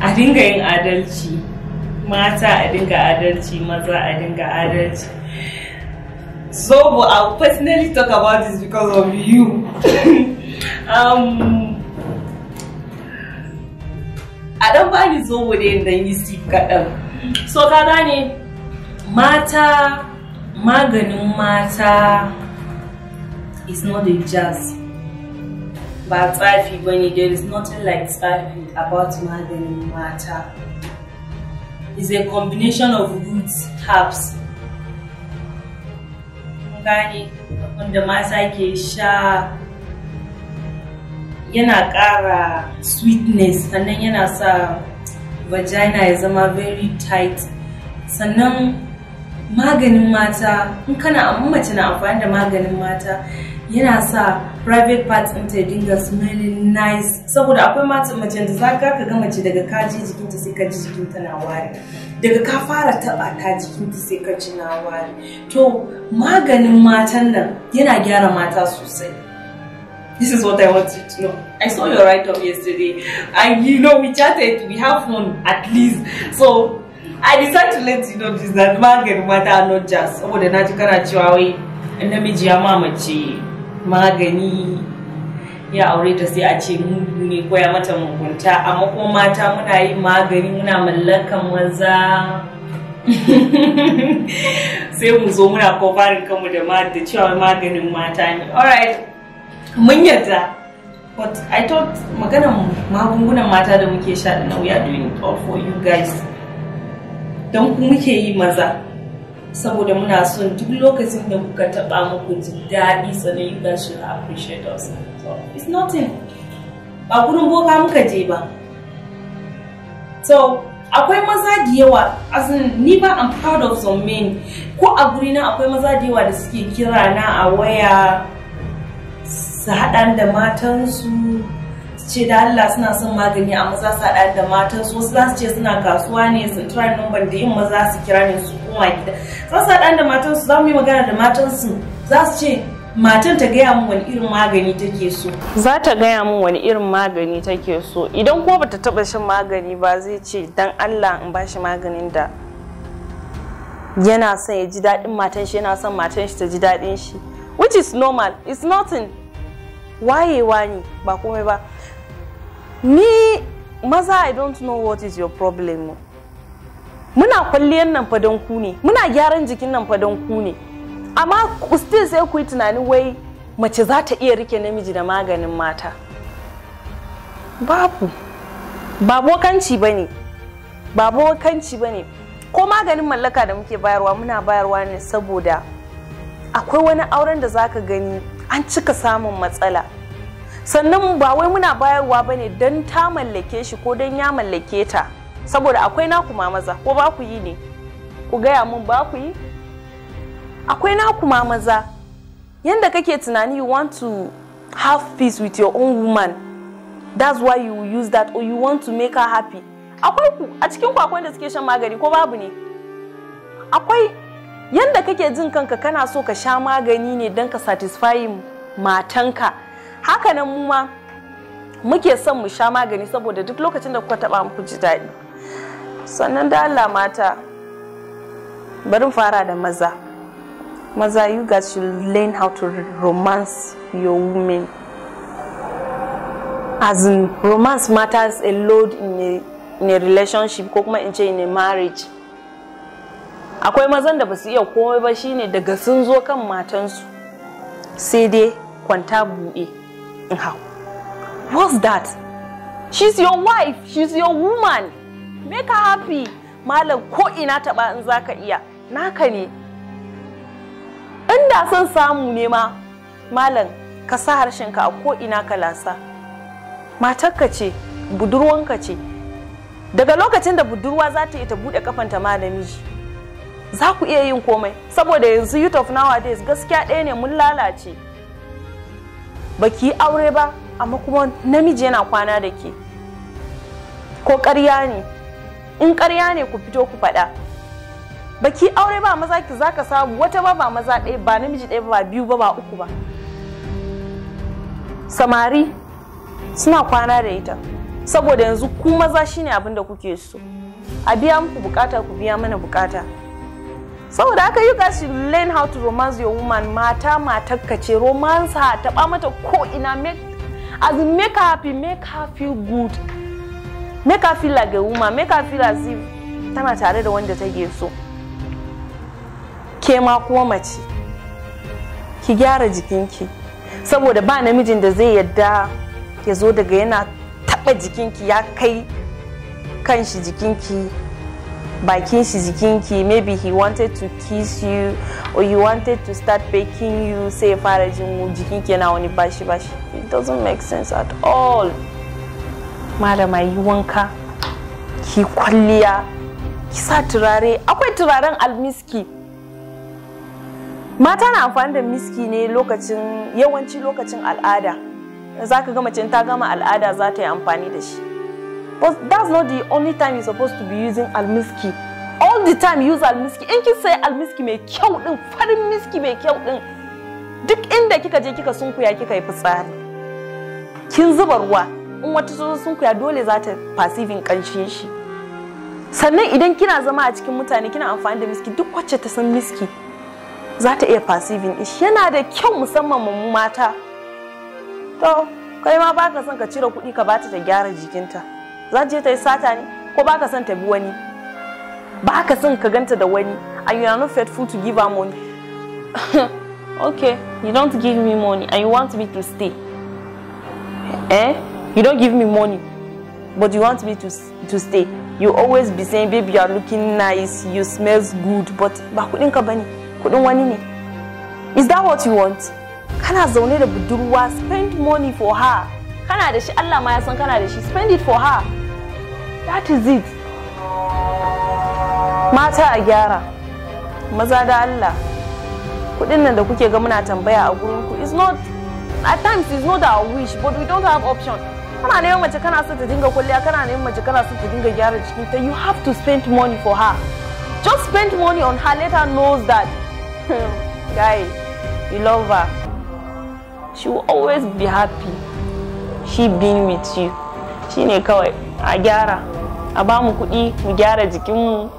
a dinga yin adalci mata a dinga adalci maza a dinga adalci so but i'll personally talk about this because of you um a dan bani zobo da yi si kaɗan so ka gane mata maganin mata is not a jazz ba tsafi ba ne there is nothing like tsafi about maganin mata It's a combination of roots herbs gane wanda the ke sha yana ƙara sweetness and yana sa vagina is a very tight sannan maganin mata in kana mace na amfani da maganin yana sa private parts ɗin ta dinga smelling nice saboda akwai mata mace da zaka ka ga mace daga kaji jikinta sai ka ji jikinta na ware? daga ka fara taba ta jikinta sai ka ji na ware? to maganin matan nan yana gyara mata sosai This is what I you to know. I saw your write-up yesterday, and you know we chatted. We have fun at least. So I decided to let you know this that maganin mata not just. Saboda na ji kana cewa wai namiji ya mamace. magani ya aure ta sai a ce mugu ne koya mata mugunta amma kuma mata muna yin magani muna mallakan maza sai mu zo muna kofarin kanmu da da cewa maganin mata ne alright mun yarda but i thought maganan magungunan mata da muke sha da nauya doing all for you guys don ku muke yi maza saboda muna son duk lokacin da kuka taɓa muku ji daɗi sannan you guys should appreciate us so it's nothing ba gurin boka muka je ba so akwai maza da yawa asin ni ba i'm proud of some men ko a guri na akwai maza da yawa da suke kira na a waya su haɗa da matansu ce da Allah suna son magani amma za su haɗa da matan su wasu za su ce suna kasuwa ne su tura numban da yin maza su kira ne su koma gida za su haɗa da matan su za mu yi magana da matan su za su ce matan ta gaya min wani irin magani take so za ta gaya min wani irin magani take so idan ko bata taba shan magani ba zai ce dan Allah in bashi maganin da yana son ya ji daɗin matan shi yana son matan shi ta ji daɗin shi which is normal it's nothing wayewa ne ba komai ba ni maza i don't know what is your problem muna kwalliyar nan fa ku ne muna gyaran jikin nan fa don ku ne amma still sai ku yi tunanin wai mace za ta iya rike namiji da maganin mata babu ba bokanci ba ne ba bokanci ba ne ko maganin mallaka da muke bayarwa muna bayarwa ne saboda akwai wani auren da zaka gani an cika samun matsala sannan ba wai muna bayarwa ba ne don ta mallake shi ko don ya mallake ta saboda akwai naku ma maza ko ba ku yi ne ku gaya mun ba ku yi akwai naku ma maza yadda kake tunani you want to have peace with your own woman that's why you use that or you want to make her happy akwai ku a cikin ku akwai da suke shan magani ko babu ne akwai yadda kake jin kanka kana so ka sha magani ne don ka satisfy matanka Hakanan mu ma muke son mu sha magani saboda duk lokacin da kuka taba muku ji daɗi sannan da Allah mata bari fara da maza maza you guys should learn how to romance your women as in romance matters a lot in a, in a relationship ko kuma in ce in a marriage akwai mazan da ba su iya komai ba shine daga sun zo kan matansu sai dai kwanta buɗe How? What's that? She's your wife, she's your woman. Make her happy. Malam ko ina taɓa in zaka iya, naka ne. Inda son samu ne ma, Malam ka sa harshenka a ko ina ka lasa. Matarka ce, budurwanka ce. Daga lokacin da budurwa za ta yi ta buɗe kafanta ta malami Za ku iya yin komai, saboda yanzu youth of nowadays gaskiya ɗaya ne mun lalace. baki yi aure ba amma kuma namiji yana kwana da ke ko ƙarya ne in ƙarya ne ku fito ku faɗa baki aure ba maza ki zaka samu wata ba ba maza ɗaya ba namiji ɗaya ba biyu ba ba uku ba samari suna kwana da ita saboda yanzu ku maza shine abin da kuke so a biya muku bukata ku biya mana bukata saboda haka you guys should learn how to romance your woman mata matakka ce romance her taba mata ko ina make as in make her happy make her feel good make her feel like a woman make her feel as if tana tare da wanda take so ke ma kuma mace ki gyara jikinki saboda ba namijin da zai yadda ya zo daga yana taba jikinki ya kai kanshi jikinki bakin shi kinky. maybe he wanted to kiss you or you wanted to start baking you say ya fara jikin jikinki yana wani bashi bashi it doesn't make sense at all malama yi wanka ki kwalliya ki sa turare akwai turaren almiski mata na amfani da miski ne lokacin yawanci lokacin al'ada za ka ga mace ta gama al'ada za ta yi amfani da shi But that's not the only time you're supposed to be using almiski. All the time use almiski. In kin sai almiski mai kyau din, farin miski mai kyau din. Duk inda kika je kika sunkuya kika yi fitsari. Kin zuba ruwa. In wata sun sunkuya dole za ta fasivin kanshin shi. Sannan idan kina zama a cikin mutane kina amfani da miski duk wacce ta san miski za ta iya fasivin ish. Yana da kyau musamman mu mata. To, kai ma baka son ka cire kuɗi ka bata ta gyara jikinta. za je ta yi sata ne ko ba ka son ta bi wani ba ka son ka ganta da wani and you are not faithful to give her money okay you don't give me money and you want me to stay eh you don't give me money but you want me to to stay you always be saying baby you are looking nice you smell good but ba kudin ka bane kudin wani ne is that what you want kana zaune da budurwa spend money for her kana da shi Allah ma ya san kana da shi spend it for her that is it mata a gyara maza da Allah kudin nan da kuke ga muna tambaya a gurin ku is not at times is not our wish but we don't have option kana neman mace kana so ta dinga kulliya kana neman mace kana so ta dinga gyara ta you have to spend money for her just spend money on her let her knows that guy you love her she will always be happy she being with you shine kawai a gyara a ba mu kuɗi mu gyara jikinmu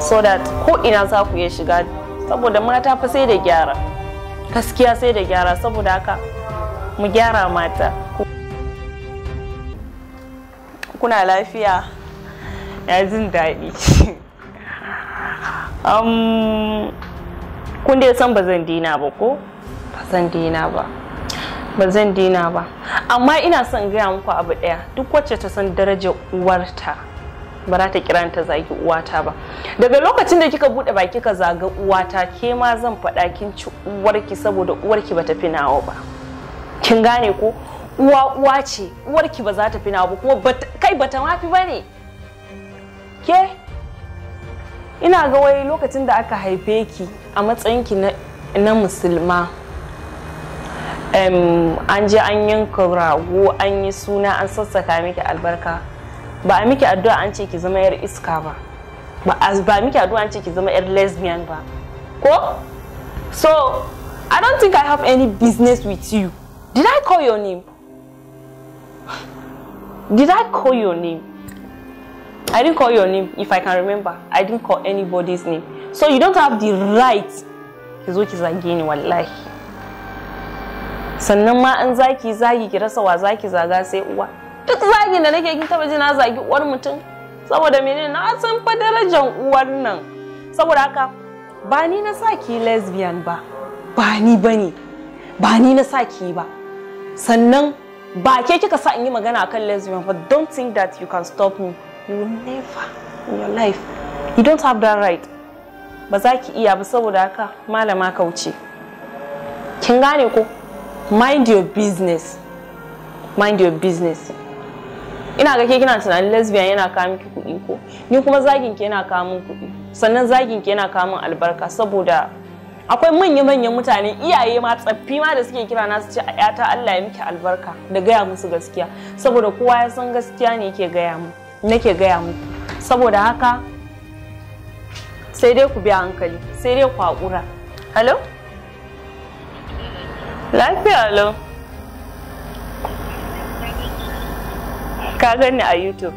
so that ko ina za ku iya shiga saboda mata fa sai da gyara gaskiya sai da gyara saboda haka mu gyara mata kuna lafiya ya jin daɗi um, kun dai san ba zan dina ba ko ba zan dina ba ba zan dina ba amma ina son gaya muku abu daya duk wacce ta san darajar uwarta ba za ta kira ta zagi uwata ba daga lokacin da kika bude baki ka zaga uwata ke ma zan faɗa kin ci uwarki saboda uwarki ba ta fi nawa ba kin gane ko uwa uwa ce uwarki ba za ta fi nawa ba kuma kai ba ta mafi ba ne ke ina ga wai lokacin da aka haife ki a matsayinki na musulma Um, je an yanka rago an yi suna an sassaka miki albarka ba a miki addu'a an ce ki zama yar iska ba ba miki addu'a an ce ki zama yar lesbian ba ko so i don't think i have any business with you did i call your name did i call your name i didn't call your name if i can remember i didn't call anybody's name so you don't have the right ki zo ki zage ni wallahi sannan ma an zaki zagi ki rasa wa zaki zaga sai uwa duk zagin da nake kin taba ji na zagi uwar mutum saboda menene na san fa darajar uwar nan saboda haka ba ni na saki lesbian ba ba ni bane ba ni na saki ba sannan ba ke kika sa in yi magana akan lesbian but don't think that you can stop me you will never in your life you don't have that right ba za ki iya ba saboda haka malama kauce kin gane ko mind your business mind your business ina ga ke kina tunanin lesbian yana kawo miki kuɗi ko ni kuma zagin ke yana kawo min kuɗi sannan zagin ke yana kawo min albarka saboda akwai manya-manyan mutane iyaye ma tsaffi ma da suke kira na su ce a ta Allah ya miki albarka da gaya musu gaskiya saboda kowa ya san gaskiya ne ke gaya mu nake gaya mu saboda haka sai dai ku biya hankali sai dai ku hakura hello Lafiya alo Ka gani a YouTube.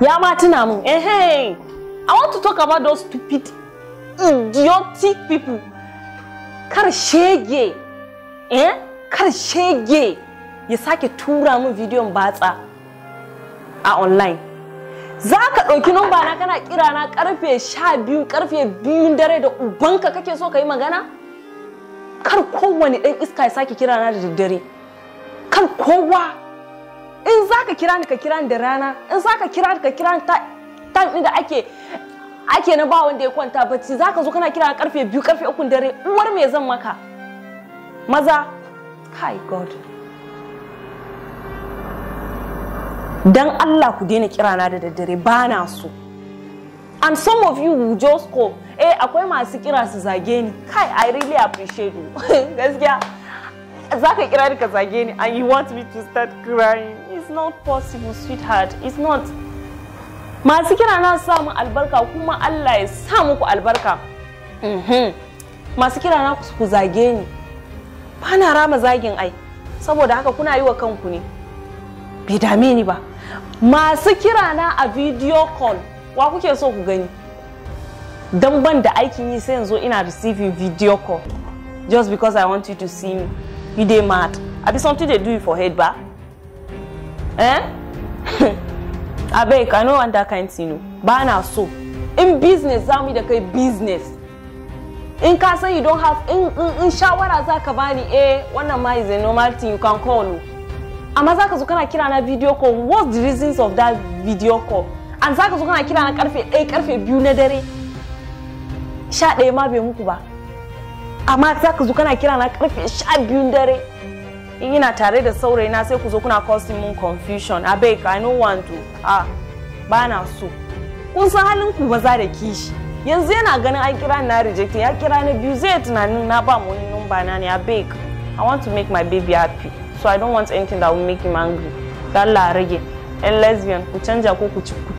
Ya ma tuna mu? eh hey, I want to talk about those stupid, idiotic people. Kar shege, eh? Kar shege ya sake tura video bidiyon batsa a online. za ka ɗauki numba na kana kira na karfe sha biyu karfe biyun dare da ubanka kake so ka yi magana kar kowane ɗan iska ya sake kira na da daddare kar kowa in za ka kira ni ka kira ni da rana in za ka kira ni ka kira ni ta ɗin da ake ake na ba wanda ya kwanta bacci za ka zo kana kira karfe biyu karfe ukun dare uwar me zan maka maza kai god dan Allah ku daina kirana da daddare ba na so and some of you will just go eh akwai masu kira su zage ni kai i really appreciate you gaskiya za ka kira ka zage ni and you want me to start crying it's not possible sweetheart it's not masu kira na samu albarka kuma Allah ya sa muku albarka mhm. masu kira na ku zage ni ba na rama zagin ai saboda haka kuna yi wa kanku ne bai dame ni ba masu kira na a video call wa kuke so ku gani don ban da aikin yi sai yanzu ina receiving video call just because i want you to see me you dey mad abi something dey do you for head ba eh abeg i no want that kind thing ba na so in business za mu da kai business in ka san you don have in in, shawara za ka bani eh wannan ma is a normal thing you can call amma za ka zo kana kira na video call what's the reasons of that video call an ka zo kana kira na karfe 1 karfe 2 na dare sha ɗaya ma bai muku ba amma za ka zo kana kira na karfe sha biyun dare in ina tare da saurayi na sai ku zo kuna causing mun confusion abeg i no want to ah ba na so kun san halin ku maza da kishi yanzu yana ganin an kira na rejecting ya kira na biyu zai tunanin na ba mu wani numba na ne abeg i want to make my baby happy so i don't want anything that will make him angry da Allah rage yan lesbian ku canja ko ku